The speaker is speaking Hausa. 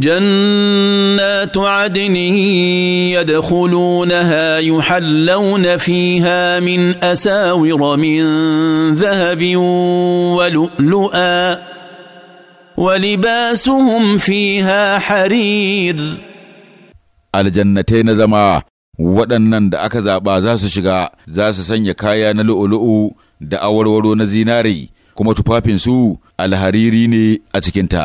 جنات عدن يدخلونها يحلون فيها من اساور من ذهب ولؤلؤا ولباسهم فيها حرير aljannatai na zama waɗannan da aka zaɓa za su shiga za su sanya kaya na lu'ulu'u da awarwaro na zinare kuma tufafinsu alhariri ne a cikinta